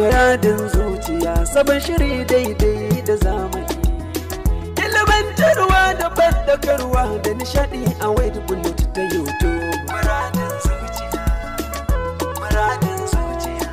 Muradin zuciya sabon shiri daidai da zamani. Ilimantarwa da bandakarwa da nishadi a wade bullet ta YouTube. Muradin zuciya, muradin zuciya.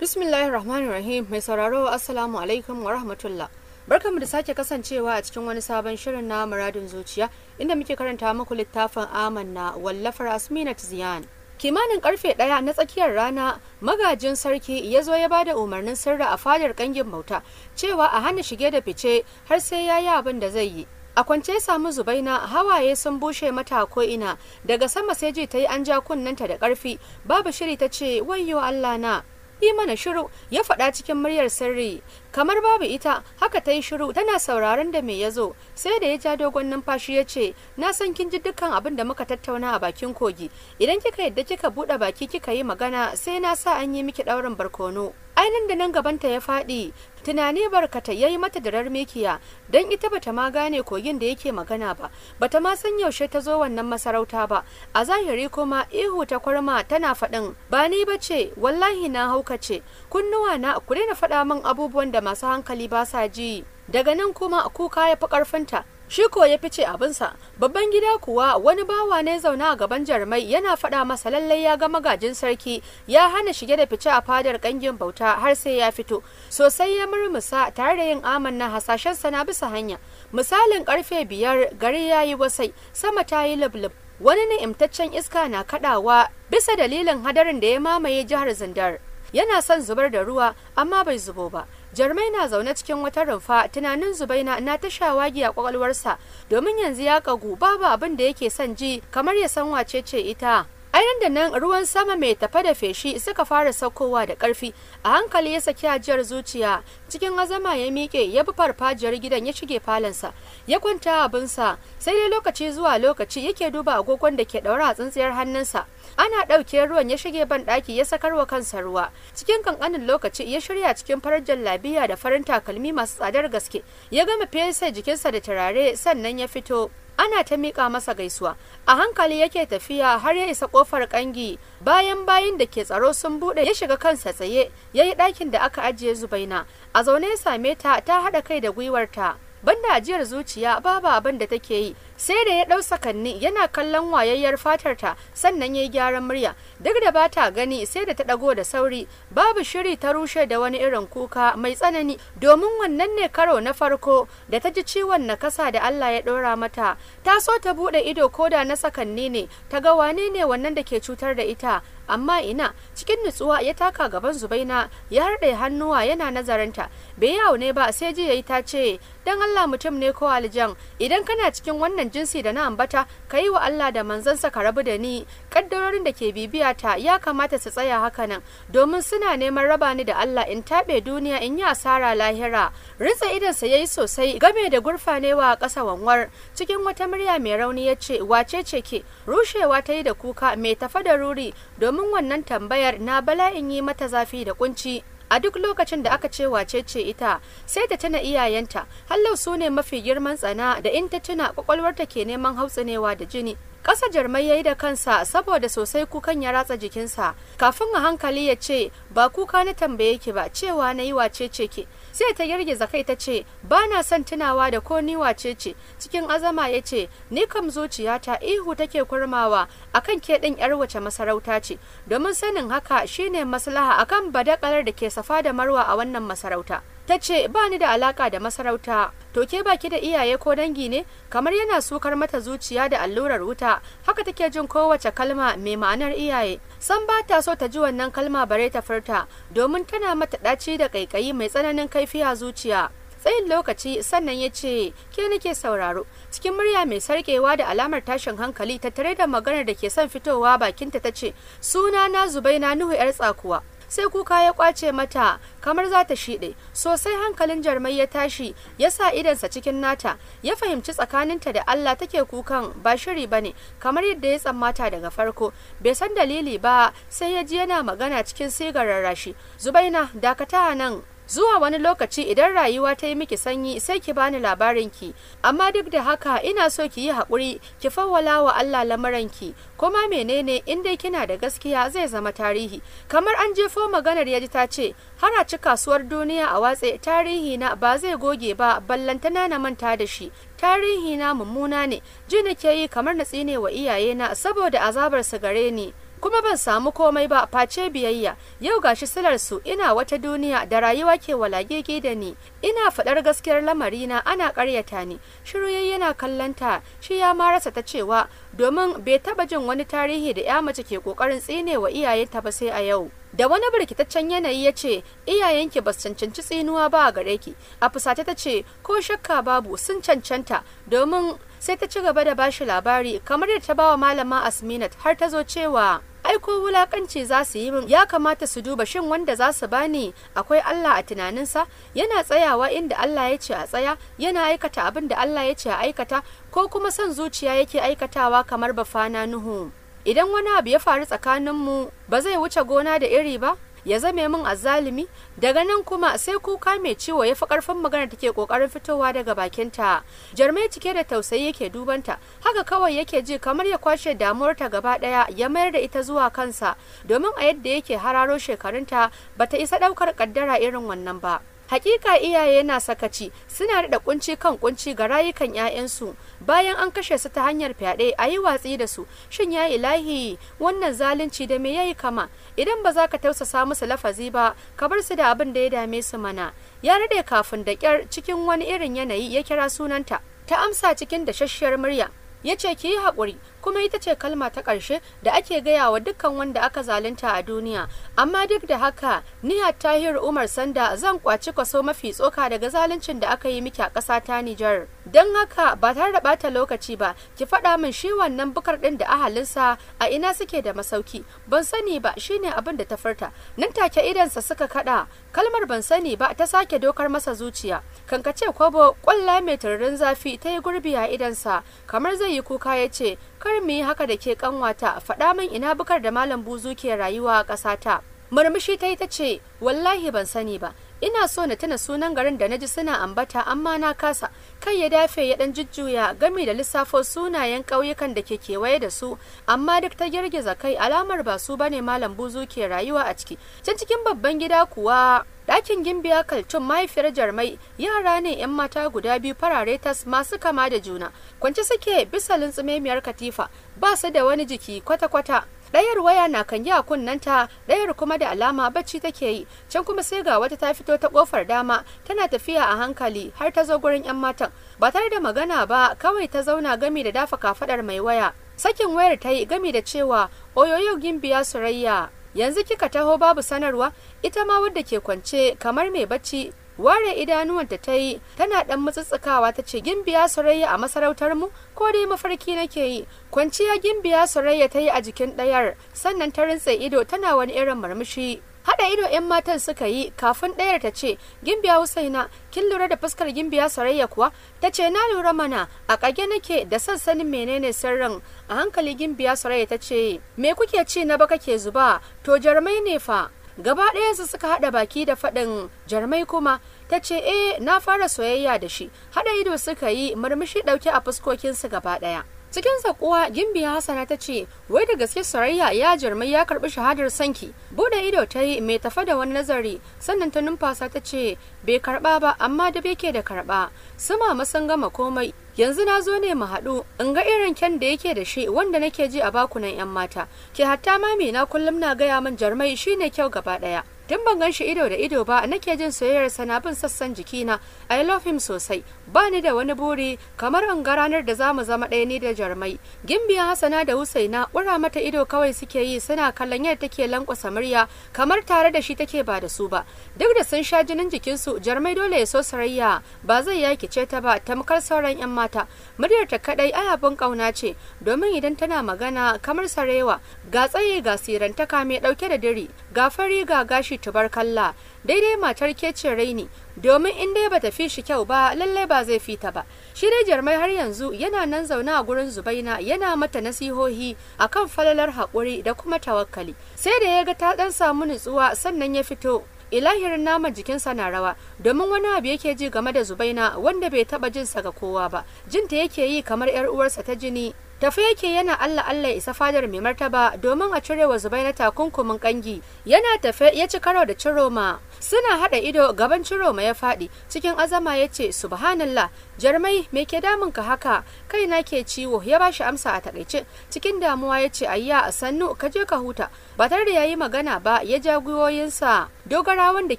Bismillahir Rahmanir Rahim mai sauraro Assalamu alaikum wa rahmatullah. Barkanmu da sake kasancewa a cikin wani sabon shirin na muradin zuciya inda muke karanta muku littafin amanna wallafar Asminat Ziyan. kimanin karfe daya na tsakiyar rana magajin sarki ya zo ya bada umarnin sirra a fadar kangin bauta cewa a hana shige da fice har sai ya yi abin da zai yi a kwance ya samu zubaina hawaye sun bushe mata ko ina daga sama sai ji ta yi an ja kunnanta da karfi babu shiri ta ce wayyo allah na yi mana shiru ya faɗa cikin muryar sirri kamar babu ita haka ta yi shiru tana sauraron da me ya zo sai da ya ja dogon numfashi ya ce na san kin ji dukkan abin da muka tattauna a bakin kogi idan kika yadda kika buɗe baki kika yi magana sai na sa an yi miki ɗaurin barkono ainihin da nan gabanta ya faɗi tunani barkata ya yi mata darar mikiya don ita bata ma gane kogin da yake magana ba bata ma san yaushe ta zo wannan masarauta ba a zahiri kuma ihu ta kwarma tana faɗin ba ni ba ce wallahi na hauka ce kunnuwa na ku daina faɗa min abubuwan da masu hankali ba sa ji daga nan kuma kuka ya fi ƙarfinta shi ko ya fice abinsa babban gida kuwa wani bawa ne zauna a gaban jarmai yana faɗa masa lallai ya ga magajin sarki ya hana shige da fice a fadar ƙangin bauta har sai ya fito sosai ya murmusa tare da yin aman na hasashen sana bisa hanya misalin karfe biyar gari ya yi wasai sama ta yi lublub wani ni'imtaccen iska na kaɗawa bisa dalilin hadarin da ya mamaye jihar zindar yana son zubar da ruwa amma bai zubo ba jarmai na zaune cikin wata rumfa tunanin zubaina na ta shawagi a kwakwalwarsa domin yanzu ya kagu babu abin da yake son ji kamar ya san wace ce ita ai da nan ruwan sama mai tafa da feshi suka fara saukowa da karfi a hankali ya saki ajiyar zuciya cikin azama ya miƙe ya bi farfajiyar gidan ya shige falonsa. ya kwanta abinsa sai dai lokaci zuwa lokaci yake duba agogon da ke ɗaura a tsintsiyar hannunsa ana ɗauke ruwan ya shige ban ɗaki ya wa kansa ruwa cikin kankanin lokaci ya shirya cikin farar jallabiya da farin takalmi masu tsadar gaske ya gama fesa jikinsa da turare sannan ya fito ana ta miƙa masa gaisuwa a hankali yake tafiya har ya isa ƙofar ƙangi bayan bayan da ke tsaro sun buɗe ya shiga kansa tsaye ya yi ɗakin da aka ajiye zubaina a zaune ya same ta ta haɗa kai da gwiwarta banda ajiyar zuciya babu abin da take yi sai da ya ɗau sakanni yana kallon wayayyar fatarta sannan yayi gyaran murya duk da bata gani sai da ta ɗago da sauri babu shiri ta rushe da wani irin kuka mai tsanani domin wannan ne karo na farko da ta ji ciwon nakasa da Allah ya ɗora mata ta so ta buɗe ido koda na sakanni ne ta ga wane ne wannan da ke cutar da ita amma ina cikin nutsuwa ya taka gaban zubaina ya harɗe hannuwa yana nazarinta bai yawo ne ba sai ji yayi ta ce dan Allah mutum ne ko aljan idan kana cikin wannan jinsi da na ambata ka yi wa Allah da manzansa ka rabu da ni kaddarorin da ke bibiya ta ya kamata su tsaya haka nan. domin suna neman raba ni da Allah in taɓe duniya in yi asara lahira ritsa idansa ya yi sosai game da gurfanewa a ƙasa wanwar cikin wata murya mai rauni ya ce wace ce ke rushewa ta yi da kuka mai tafa da ruri domin wannan tambayar na bala'in yi mata zafi da kunci a duk lokacin da aka ce wace ce ita sai ta tana iyayenta hallau su ne mafi girman tsana da in ta tuna kwakwalwarta ke neman hautsinewa da jini ƙasa jarmai ya yi da kansa saboda sosai kukan ya ratsa jikinsa kafin a hankali ya ce ba kuka na tambaye ki ba cewa na yi wace ce ki sai ta girgiza kai ta ce ba na son tunawa da ko ni wace ce cikin azama ya ce ni kam zuciyata ihu take kurmawa akan ke ɗin yar wace masarauta ce domin sanin haka shine maslaha akan badakalar da ke safa da marwa a wannan masarauta ta ce ba ni da alaka da masarauta to ke baki da iyaye ko dangi ne kamar yana sukar mata zuciya da allurar wuta haka take jin kowace kalma mai ma'anar iyaye san ba ta so ta ji wannan kalma bare ta furta domin tana mata ɗaci da ƙaiƙayi mai tsananin kaifiya zuciya tsayin lokaci sannan ya ce ke nake sauraro cikin murya mai sarkewa da alamar tashin hankali tattare da maganar da ke son fitowa bakinta ta ce suna na zubaina nuhu yar tsakuwa sai kuka ya kwace mata kamar za ta shiɗe sosai hankalin jarmai ya tashi ya sa idansa cikin nata ya fahimci tsakaninta da Allah take kukan ba shiri bane kamar yadda ya tsammata daga farko bai san dalili ba sai ya ji yana magana cikin sigarar rashi zubaina dakata nan zuwa wani lokaci idan rayuwa ta yi miki sanyi sai ki bani labarinki amma duk da haka ina so ki yi haƙuri ki fawwala wa Allah lamuranki kuma menene in dai kina da gaskiya zai zama tarihi kamar an jefo maganar yaji ta ce har a ci kasuwar duniya a watse tarihi na ba zai goge ba ballantana na manta da shi tarihi na mummuna ne ji nake yi kamar na tsine wa iyayena saboda azabar su gare ni kuma ban samu komai ba face biyayya yau gashi silar su ina wata duniya da rayuwa ke walagege da ni ina faɗar gaskiyar lamari na ana karyata ni shiru yana kallanta shi ya ma rasa ta cewa domin bai taba jin wani tarihi da ya mace ke kokarin tsine wa iyayenta ba sai a yau da wani birkitaccen yanayi ya ce iyayenki ba su cancanci tsinuwa ba a gare ki a fusata ta ce ko shakka babu sun cancanta domin sai ta ci gaba da bashi labari kamar da ta bawa malama asminat har ta zo cewa Aiko ko wulakanci za su yi min ya kamata su duba shin wanda za su bani akwai Allah a tunaninsa yana tsayawa inda Allah ya ce a tsaya yana aikata abin da Allah ya ce a aikata ko kuma son zuciya yake aikatawa kamar bafana Nuhu idan wani abu ya faru tsakaninmu ba zai wuce gona da iri ba ya zame min azzalimi daga nan kuma sai kuka mai ciwo ya fi karfin magana take kokarin fitowa daga bakinta jarmai cike da tausayi yake dubanta haka kawai yake ji kamar ya kwashe damuwarta gaba daya ya mayar da ita zuwa kansa domin a yadda yake hararo shekarunta bata isa daukar kaddara irin wannan ba Hakika iyaye na sakaci suna rida kunci kan kunci ga rayukan 'ya'yansu bayan an kashe su ta hanyar fyaɗe a yi watsi da su shin ya ilahi wannan zalunci da me yayi kama idan ba za ka tausasa musu lafazi ba ka bar su da abin da ya dame su mana ya rade kafin da ƙyar cikin wani irin yanayi ya kira sunanta ta amsa cikin shashiyar murya ya ce ki yi haƙuri kuma ita ce kalma ta ƙarshe da ake gaya wa dukkan wanda aka zalunta a duniya amma duk da haka niyyar tahir umar sanda zan kwaci kwaso mafi tsoka daga zaluncin da aka yi miki a ƙasa ta nijar don haka ba tare da bata lokaci ba ki faɗa min shi wannan bukar ɗin da ahalinsa a ina suke da masauki ban sani ba shine abin da ta furta nan take idansa suka kaɗa kalmar ban sani ba ta sake dokar masa zuciya kankace kwabo ƙwalla mai tururin zafi ta yi gurbi a idansa kamar zai yi kuka ya ce kar mu yi haka da ke kanwata faɗa min ina bukar da malam buzu ke rayuwa a ƙasata murmushi ta yi ta ce wallahi ban sani ba ina so na tuna sunan garin da na ji suna ambata amma na kasa kai ya dafe ya dan jujjuya gami da lissafo sunayen ƙauyukan da ke kewaye da su amma duk ta girgiza kai alamar ba su bane malam buzu ke rayuwa a ciki can cikin babban gida kuwa Dakin gimbiya kalcin mahaifiyar jarmai yara ne 'yan mata guda biyu farare tas masu kama da juna kwanci suke bisa lintsumemiyar katifa ba su da wani jiki kwata-kwata ɗayar waya na kan yi a kunnanta ɗayar kuma da alama bacci take yi can kuma sai ga wata ta fito ta kofar dama tana tafiya a hankali har ta zo gurin 'yan matan ba tare da magana ba kawai ta zauna gami da dafa kafadar mai waya sakin wayar ta yi gami da cewa oyoyo gimbiya surayya yanzu kika taho babu sanarwa ita ma wadda ke kwance kamar mai bacci ware idanuwanta ta yi tana dan mutsuttsukawa ta ce gimbiya soraya a masarautar mu ko dai mafarki nake yi kwanciya gimbiya soraya ta yi a jikin ɗayar sannan ta rintse ido tana wani irin murmushi haɗa ido 'yan matan suka yi kafin ɗayar ta ce gimbiya husaina kin lura da fuskar gimbiya sarayya kuwa ta ce na lura mana a ƙage nake da son sanin menene sirrin a hankali gimbiya sarayya ta ce me kuke ci na baka ke zuba to jarmai ne fa gaba su suka haɗa baki da faɗin jarmai kuma ta ce eh na fara soyayya da shi haɗa ido suka yi murmushi ɗauke a fuskokinsu gaba ɗaya cikin sa kuwa, Gimbi Hassana, ta ce wai da gaske sarayya ya jarmai ya karbi shahadar sanki bude ido ta yi mai tafa da wani nazari sannan ta numfasa ta ce bai karba ba amma da bai ke da karba sama masan gama komai yanzu na zo ne mu haɗu in ga irin kyan da yake da shi wanda nake ji a bakunan 'yan mata ke hatta ma na kullum na gaya min jarmai shine kyau gaba ɗaya tun ban gan shi ido da ido ba nake jin soyayyar sana bin sassan jikina i love him sosai ba ni da wani buri kamar in ga ranar da mu zama ɗaya ni da jarmai gimbiya hasana da husaina ƙura mata ido kawai suke yi suna kallon yadda take lankwasa murya kamar tare da shi take ba da su ba duk da sun sha jinin jikinsu jarmai dole ya so sarayya ba zai yakice ta ba tamkar sauran yan mata muryar ta kadai ayabin kauna ce domin idan tana magana kamar sarewa ga tsaye ga sirantaka mai ɗauke da diri ga fari ga gashi shi kalla daidai matar kecin raini domin in dai bata fi shi kyau ba lallai ba zai fita ba shi dai jarmai har yanzu yana nan zaune a gurin zubaina yana mata nasihohi akan falalar haƙuri da kuma tawakkali sai da ya ga ta dan samu nutsuwa sannan ya fito ilahirin naman jikinsa na rawa domin wani abu yake ji game da zubaina wanda bai taba jinsa ga kowa ba jinta yake yi kamar yar uwarsa ta jini tafi yake yana Allah Allah isa fadar mai martaba domin a cire wa na takunkumin kangi yana tafe ya ci karo da Ciroma suna hada ido gaban Ciroma ya fadi cikin azama ya ce subhanallah jarmai me ke damun ka haka kaina ke ciwo ya ba shi amsa a takaice cikin damuwa ya ce ayya a sannu ka je ka huta ba tare da yayi magana ba ya ja gwiwoyinsa dogarawan da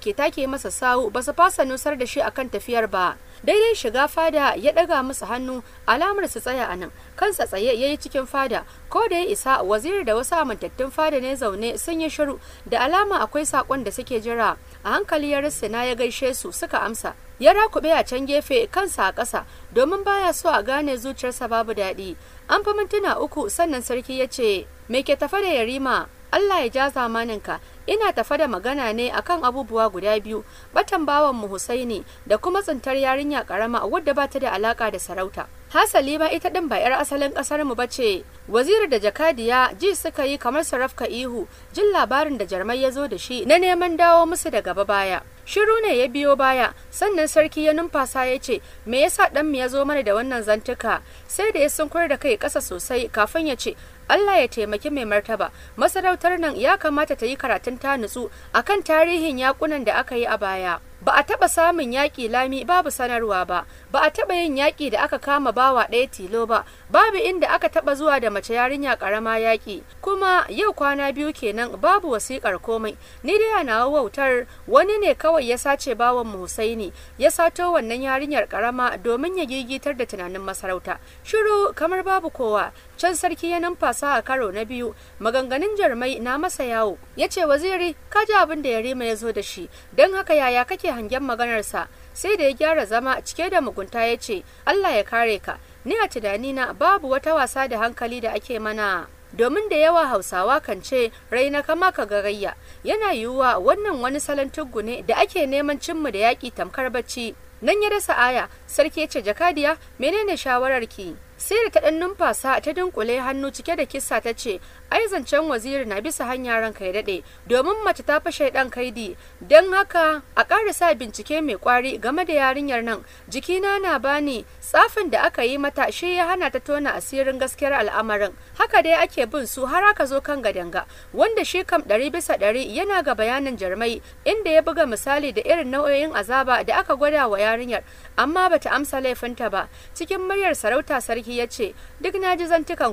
ke take masa sawu ba su fasa nusar da shi akan tafiyar ba daidai shiga fada ya daga musu hannu alamar su tsaya anan. kansa tsaye ya yi cikin fada ko da ya isa wazir da wasu amintattun fada ne zaune sun yi shiru da alama akwai sakon da suke jira a hankali ya na ya gaishe su suka amsa ya rakube a can gefe kansa a ƙasa domin baya so a gane zuciyarsa babu daɗi an fi mintuna uku sannan sarki ya ce me ke tafa da yarima allah ya ja zamanin ka. ina tafa da magana ne akan abubuwa guda biyu batan bawan mu Husaini da kuma tsintar yarinya karama wadda ba ta da alaka da sarauta hasali ma ita din ba yar asalin kasar mu bace waziri da jakadiya ji suka yi kamar sarafka ihu jin labarin da jarmai ya zo da shi na neman dawo musu da gaba baya shiru ne ya biyo baya sannan sarki ya numfasa ya ce me yasa dan mu ya zo mana da wannan zantuka sai da ya sunkur da kai kasa sosai kafin ya ce Allah ya taimaki mai martaba masarautar nan ya kamata ta yi karatun ta nutsu akan tarihin yakunan da aka yi a baya ba a taɓa samun yaƙi lami babu sanarwa ba ba a taɓa yin yaƙi da aka kama bawa ɗaya tilo ba babu inda aka taɓa zuwa da mace yarinya ƙarama yaƙi kuma yau kwana biyu kenan babu wasiƙar komai ni dai nawa wautar wani ne kawai ya sace bawan mu Husaini ya sato wannan yarinyar ƙarama domin ya gigitar da tunanin masarauta shiru kamar babu kowa can sarki ya numfasa a karo na biyu maganganun jarmai na masa yawo ya ce waziri ka ji abin da yarima ya zo da shi don haka yaya kake hangen maganarsa sai da ya gyara zama cike da mugunta ya ce Allah ya kare ka ni a tunanina babu wata wasa da hankali da ake mana domin da yawa hausawa kan ce raina kama ka garayya yana yiwuwa wannan wani salon tuggu ne da ake neman cinmu da yaƙi tamkar bacci nan ya dasa aya sarki ya ce jakadiya menene shawararki sai da ta ɗan numfasa ta dunkule hannu cike da kisa ta ce ai zancen waziri na bisa hanya ranka ya daɗe domin mace ta fashe ɗan kaidi don haka a ƙara sa bincike mai kwari game da yarinyar nan jikina na bani tsafin da aka yi mata shi ya hana ta tona asirin gaskiyar al'amarin haka dai ake bin su har aka zo kan gadanga wanda shi kam ɗari bisa ɗari yana ga bayanin jarmai inda ya buga misali da irin nau'o'in azaba da aka gwada wa yarinyar amma bata amsa laifinta ba cikin muryar sarauta sarki ya ce duk na ji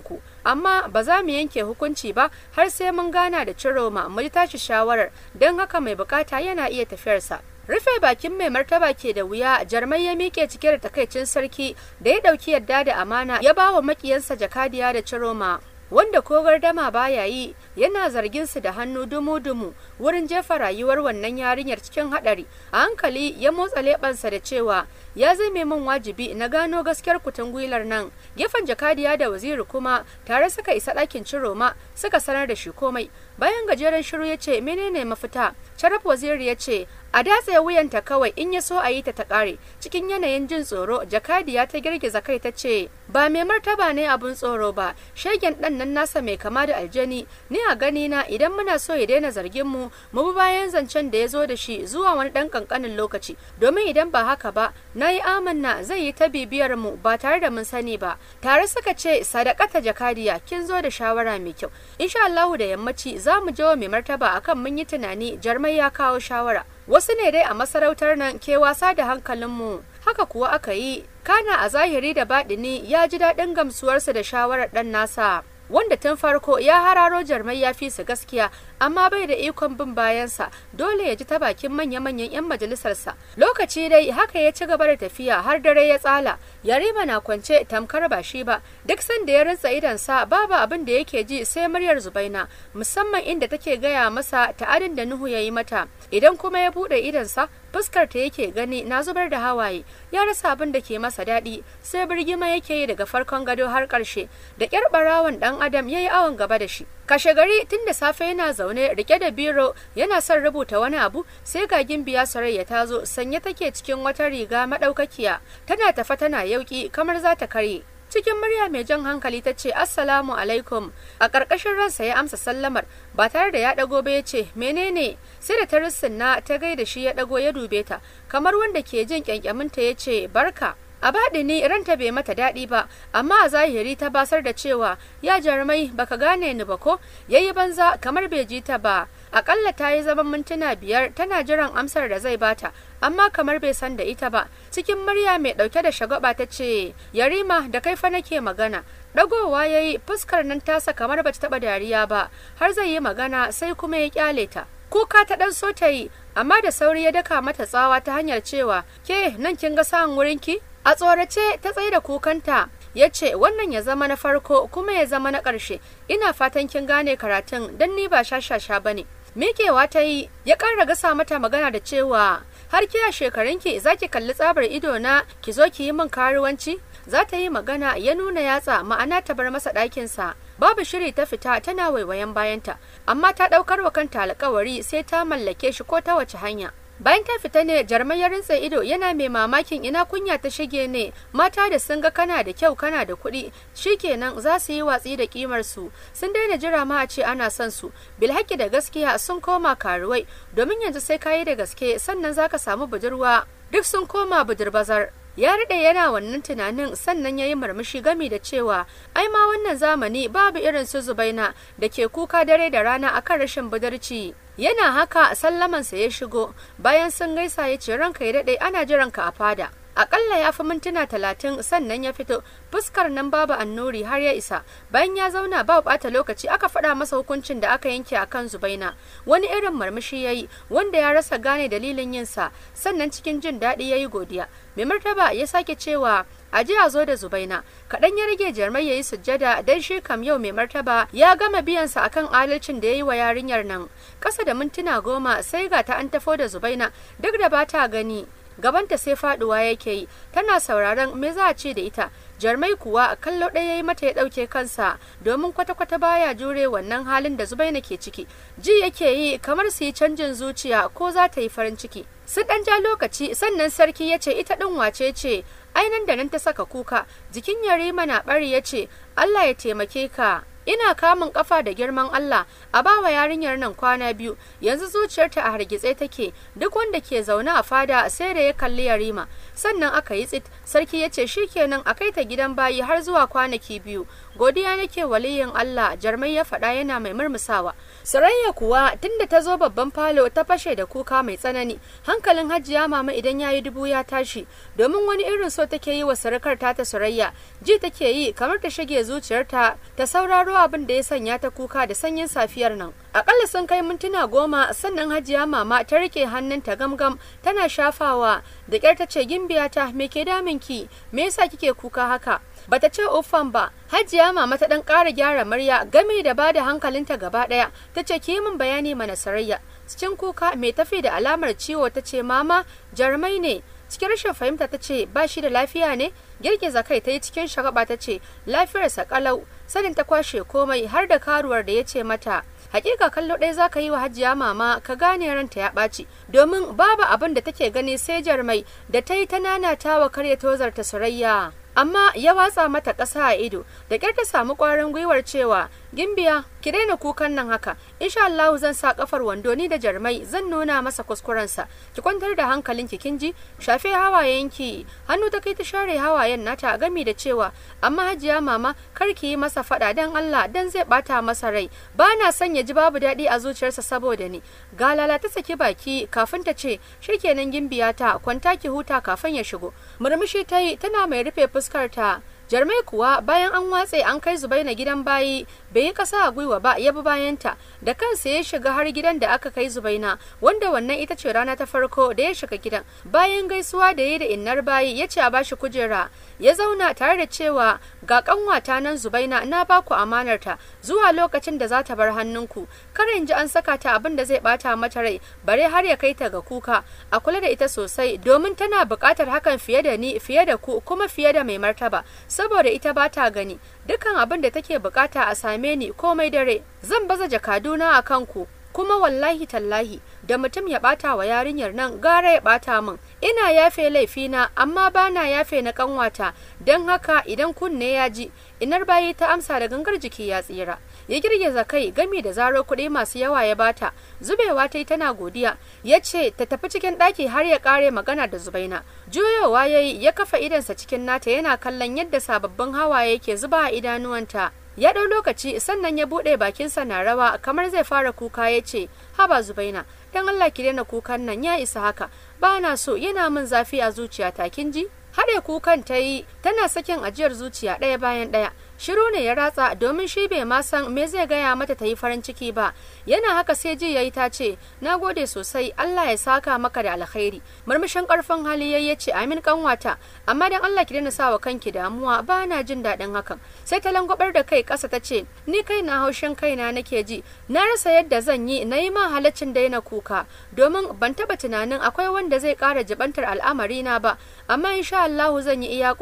ku. amma ba za mu yanke hukunci ba har sai mun gana da ciroma mu ji tashi shawarar don haka mai bukata yana iya tafiyarsa rufe bakin mai martaba ke da wuya jarmai ya miƙe cike da takaicin sarki da ya ɗauki yadda da amana ya ba wa maƙiyansa jakadiya da ciroma wanda kogar dama baya yi yana zargin su da hannu dumu-dumu wurin jefa rayuwar wannan yarinyar cikin hadari a hankali ya motsa lebansa da cewa ya zai zame min wajibi na gano gaskiyar gwilar nan gefen jakadiya da waziri kuma tare suka isa ɗakin ciroma suka sanar da shi komai bayan gajeren shiru ya ce menene mafita sharaf waziri ya ce a datse wuyanta kawai in ya so a yi ta ta kare cikin yanayin jin tsoro jakadiya ta girgiza kai ta ce ba mai martaba ne abun tsoro ba shegen dan nan nasa mai kama da aljani ni a gani na idan muna so ya daina zargin mu mu bi bayan zancen da ya zo da shi zuwa wani dan kankanin lokaci domin idan ba haka ba nayi amanna zai yi ta bibiyar mu ba tare da mun sani ba tare suka ce sadakata jakadiya kin zo da shawara mai kyau insha Allah da yammaci za mu je wa mai martaba akan mun yi tunani jarmai ya kawo shawara wasu ne dai a masarautar nan ke wasa da hankalinmu haka kuwa aka yi kana a zahiri da baɗini ya ji daɗin gamsuwarsa da shawarar ɗan nasa wanda tun farko ya hararo jarmai ya fi su gaskiya amma bai da ikon bin bayansa dole ya ji ta bakin manya-manyan 'yan majalisarsa lokaci dai haka ya ci gaba da tafiya har dare ya tsala yarima na kwance tamkar ba shi ba duk sanda ya rantsa idonsa babu abin da yake ji sai muryar zubaina musamman inda take gaya masa ta'adin da nuhu ya yi mata idan kuma ya buɗe sa, fuskar ta yake gani na zubar da hawaye ya rasa abin da ke masa daɗi sai birgima yake yi daga farkon gado har ƙarshe da ƙyar ɓarawon ɗan adam ya yi awon gaba da shi kashe gari tun da safe yana zaune rike da biro yana son rubuta wani abu sai ga gimbiya sarai ta zo sanye take cikin wata riga maɗaukakiya tana tafa tana yauƙi, kamar za ta karye cikin murya mai jan hankali ta ce assalamu alaikum a ƙarƙashin ransa ya amsa sallamar ba tare da ya ɗago ba ya ce menene sai da ta na ta gaida shi ya ɗago ya dube ta kamar wanda ke jin kyankyaminta ya ce barka a baɗi ni, ranta bai mata daɗi ba amma a zahiri ta basar da cewa ya jarumai baka gane ni ba ko yayi banza kamar bai ji ta ba akalla ta yi zaman mintuna biyar tana jiran amsar da zai bata amma kamar bai san da ita ba cikin murya mai dauke da shagaba ta ce yarima da kai fa nake magana dagowa ya yi fuskar nan tasa kamar bata taba dariya ba har zai yi magana sai kuma ya kyale ta kuka ta dan so ta yi amma da sauri ya daka mata tsawa ta hanyar cewa ke nan kin ga sa'an wurinki a tsorace ta tsaye da kukanta ya ce wannan ya zama na farko kuma ya zama na ƙarshe ina fatan kin gane karatun don ni ba shashasha ba ne mikewa ta yi ya ƙara gasa mata magana da cewa har kiya shekarunki za ki kalli tsabar ido na ki zo ki yi min karuwanci za ta yi magana ya nuna yatsa ma'ana ta bar masa ɗakinsa babu shiri ta fita tana waiwayen bayanta amma ta ɗaukar wa kanta alƙawari sai ta mallake shi ko ta wace hanya bayan ta fita ne jarmai ya rintsa ido yana mai mamakin ina kunya ta shige ne mata da sun ga kana da kyau kana da kuɗi shikenan za su yi watsi da kimar su sun daina jira ma a ce ana son su bilhaki da gaskiya sun koma karuwai domin yanzu sai kayi da gaske sannan za ka samu budurwa duk sun koma bazar ya rade yana wannan tunanin sannan ya yi murmushi gami da cewa ai ma wannan zamani babu irin su zubaina da ke kuka dare da rana akan rashin budurci yana haka sallamansa ya shigo bayan sun gaisa ya ce ranka ya daɗe ana jiranka a fada akalla ya fi mintuna talatin sannan ya fito fuskar nan babu annuri har ya isa bayan ya zauna ba ɓata lokaci aka faɗa masa hukuncin da aka yanke a kan zubaina wani irin marmishi ya yi wanda ya rasa gane dalilin yinsa sannan cikin jin daɗi ya yi godiya mai martaba ya sake cewa a jiya, a zo da zubaina kaɗan ya rage jarmai ya yi sujjada dan shi kam yau mai martaba ya gama biyansa akan adalcin da ya yi wa yarinyar nan Kasa da mintuna goma sai ga ta an tafo da zubaina duk da bata gani gabanta sai faduwa yake yi tana sauraron me za a ce da ita jarmai kuwa kallo ɗaya ya yi mata ya ɗauke kansa domin kwata-kwata baya jure wannan halin da zubaina ke ciki ji yake yi kamar su yi canjin zuciya ko za ta yi farin ciki sun ɗan ja lokaci sannan sarki ya ce ita ɗin wace ce ainihin da nan ta saka kuka jikin yarima na bari ya ce allah ya taimake ka ina kamun kafa da girman Allah a bawa yarinyar nan kwana biyu yanzu zuciyarta a hargitse take duk wanda ke zaune a fada sai da ya kalli yarima sannan aka yi tsit sarki ya ce kenan a kai ta gidan bayi har zuwa kwanaki biyu godiya nake waliyin Allah jarmai ya faɗa yana mai murmusawa sarayya kuwa tunda ta zo babban falo ta fashe da kuka mai tsanani hankalin hajiya mama idan yayi dubu ya tashi domin wani irin so take yi wa sarakar ta ta sarayya ji take yi kamar ta shige zuciyarta ta sauraro abin da ya sanya ta kuka da sanyin safiyar nan akalla sun kai mintuna goma sannan hajiya mama ta rike ta gamgam tana shafawa da ƙyar ta ce ta, me ke daminki me yasa kike kuka haka bata ce uffan ba hajiya mama ta dan ƙara gyara murya game da bada hankalinta gaba ɗaya ta ce ki min bayani mana sarayya cikin kuka mai tafi da alamar ciwo ta ce mama jarmai ne cikin rashin fahimta ta ce ba shi da lafiya ne girgiza kai ta yi cikin shagaba ta ce lafiyarsa kalau sanin ta kwashe komai har da karuwar da ya ce mata hakika kallo ɗaya zaka yi wa hajiya mama ka gane ranta ya ɓaci domin babu abin da take gani sai jarmai da ta yi ta nanata wa karya tozarta surayya amma ya watsa mata ƙasa a ido da ƙyar ta samu ƙwarin gwiwar cewa Gimbiya, ki daina kukan nan haka. Insha Allah zan sa kafar wando ni da jarmai zan nuna masa kuskurensa. Ki kwantar da hankalinki kin ji? Shafe hawayenki. Hannu ta kai ta share hawayen nata gami da cewa amma Hajiya mama kar ki yi masa fada dan Allah dan zai bata masa rai. Ba na son ya ji babu daɗi a zuciyarsa saboda ni. Galala ta saki baki kafin ta ce shikenan gimbiya ta kwanta ki huta kafin ya shigo. Murmushi ta yi tana mai rufe fuskar ta. jarmai kuwa bayan an watse an kai zubaina gidan bayi bai yi kasa a gwiwa ba ya bi bayanta da kansa ya shiga har gidan da aka kai zubaina wanda wannan ita ce rana ta farko da ya shiga gidan bayan gaisuwa da ya da innar bayi ya ce a bashi kujera ya zauna tare da cewa ga kanwata nan zubaina na ba ku amanarta zuwa lokacin da za ta bar ku kar in ji an saka ta abin da zai bata mata rai bare har ya kai ta ga kuka a kula da ita sosai domin tana buƙatar hakan fiye da ni fiye da ku kuma fiye da mai martaba saboda ita ba ta gani dukkan abin da take bukata a same ni komai dare zan baza jakaduna a kanku kuma wallahi tallahi da mutum ya bata wa yarinyar nan gara ya bata min ina yafe laifina amma ba na yafe na kanwata don haka idan kunne ya ji inar bayi ta amsa da gangar jiki ya tsira ya girgiza kai gami da zaro kuɗi masu yawa ya bata zubewa ta yi tana godiya ya ce ta tafi cikin ɗaki har ya ƙare magana da zubaina juyowa ya yi ya kafa idansa cikin nata yana kallon yadda sababbin hawaye yake zuba a idanuwanta ya ɗau lokaci sannan ya buɗe bakinsa na rawa kamar zai fara kuka ya ce haba zubaina dan allah ki daina kukan nan ya isa haka ba na so yana min zafi a zuciyata kin ji haɗe kukan ta yi tana sakin ajiyar zuciya ɗaya bayan ɗaya shiru ne ya ratsa domin shi bai ma san me zai gaya mata ta yi farin ciki ba yana haka sai ji yayi ta ce na gode sosai Allah ya saka maka da alkhairi murmushin karfin hali yayi ya ce amin kanwata amma dan Allah ki daina sawa kanki damuwa ba na jin daɗin hakan sai ta langwabar da kai ƙasa ta ce ni kai na haushin kaina nake ji na rasa yadda zan yi na yi ma halaccin daina kuka domin ban taba tunanin akwai wanda zai ƙara jibantar al'amarina ba amma insha Allah zan yi iya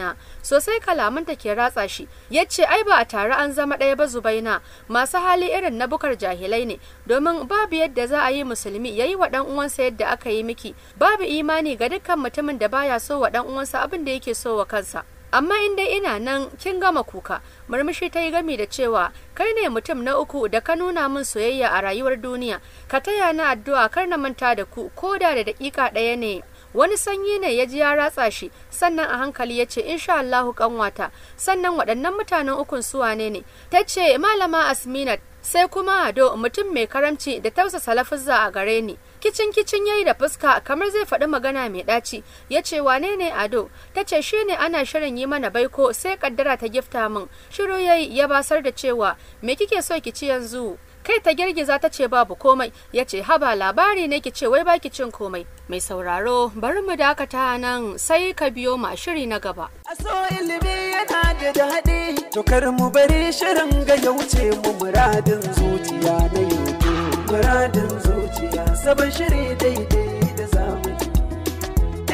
na sosai kalamanta ke ratsa shi ya ce ai ba a tare an zama ɗaya ba zubaina masu hali irin na bukar jahilai ne domin babu yadda za a yi musulmi ya yi wa ɗan uwansa yadda aka yi miki babu imani ga dukkan mutumin da baya so wa ɗan uwansa abin da yake so wa kansa amma in dai ina nan kin gama kuka murmushi ta yi gami da cewa kai ne mutum na uku da ka nuna min soyayya a rayuwar duniya ka taya na addu'a kar na manta da ku ko da da daƙiƙa ɗaya ne wani sanyi ne ya ji ya ratsa shi sannan a hankali ya ce insha Allah kanwata sannan waɗannan mutanen ukun su wane ne ta ce malama asminat sai kuma ado mutum mai karamci da tausa Salafuzza a gare ni kicin kicin yayi da fuska kamar zai faɗi magana mai ɗaci ya ce wane ne ado ta ce shi ne ana shirin yi mana baiko sai kaddara ta gifta min shiru yayi ya basar da cewa me kike so ki ci yanzu kai ta girgiza ta ce babu komai ya ce haba labari ne ki ce wai baki cin komai mai sauraro bari mu dakata nan sai ka biyo ma shiri na gaba aso ilimi yana da daɗi to kar mu bari shirin ga ya wuce mu muradin zuciya na yau muradin zuciya sabon shiri daidai da zamani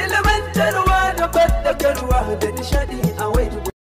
ilimantarwa da fadakarwa da nishadi a